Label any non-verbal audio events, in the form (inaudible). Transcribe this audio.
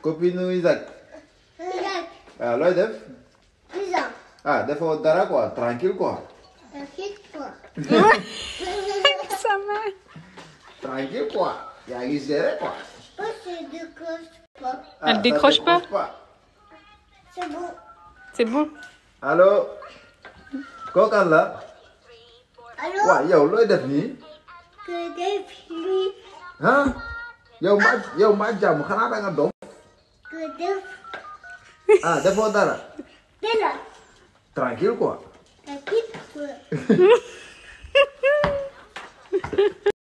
copine Isaac. Isaac. waaw ah, looy def. Isaac. ah defoo dara quoi tranquille quoi. tranquille quoi. sama. (laughs) tranquille quoi. yaa ngi géré quoi. on oh, décroche pas. ah ça décroche pas. c'est bon. c'est bon. allo. kooku kan la. allo. yow looy def nii. que def nii. ah. yow maa yow maa jàmm xanaa da nga doom. ah defoo dara. dara. tranquille quoi. tranquille quoi. (laughs)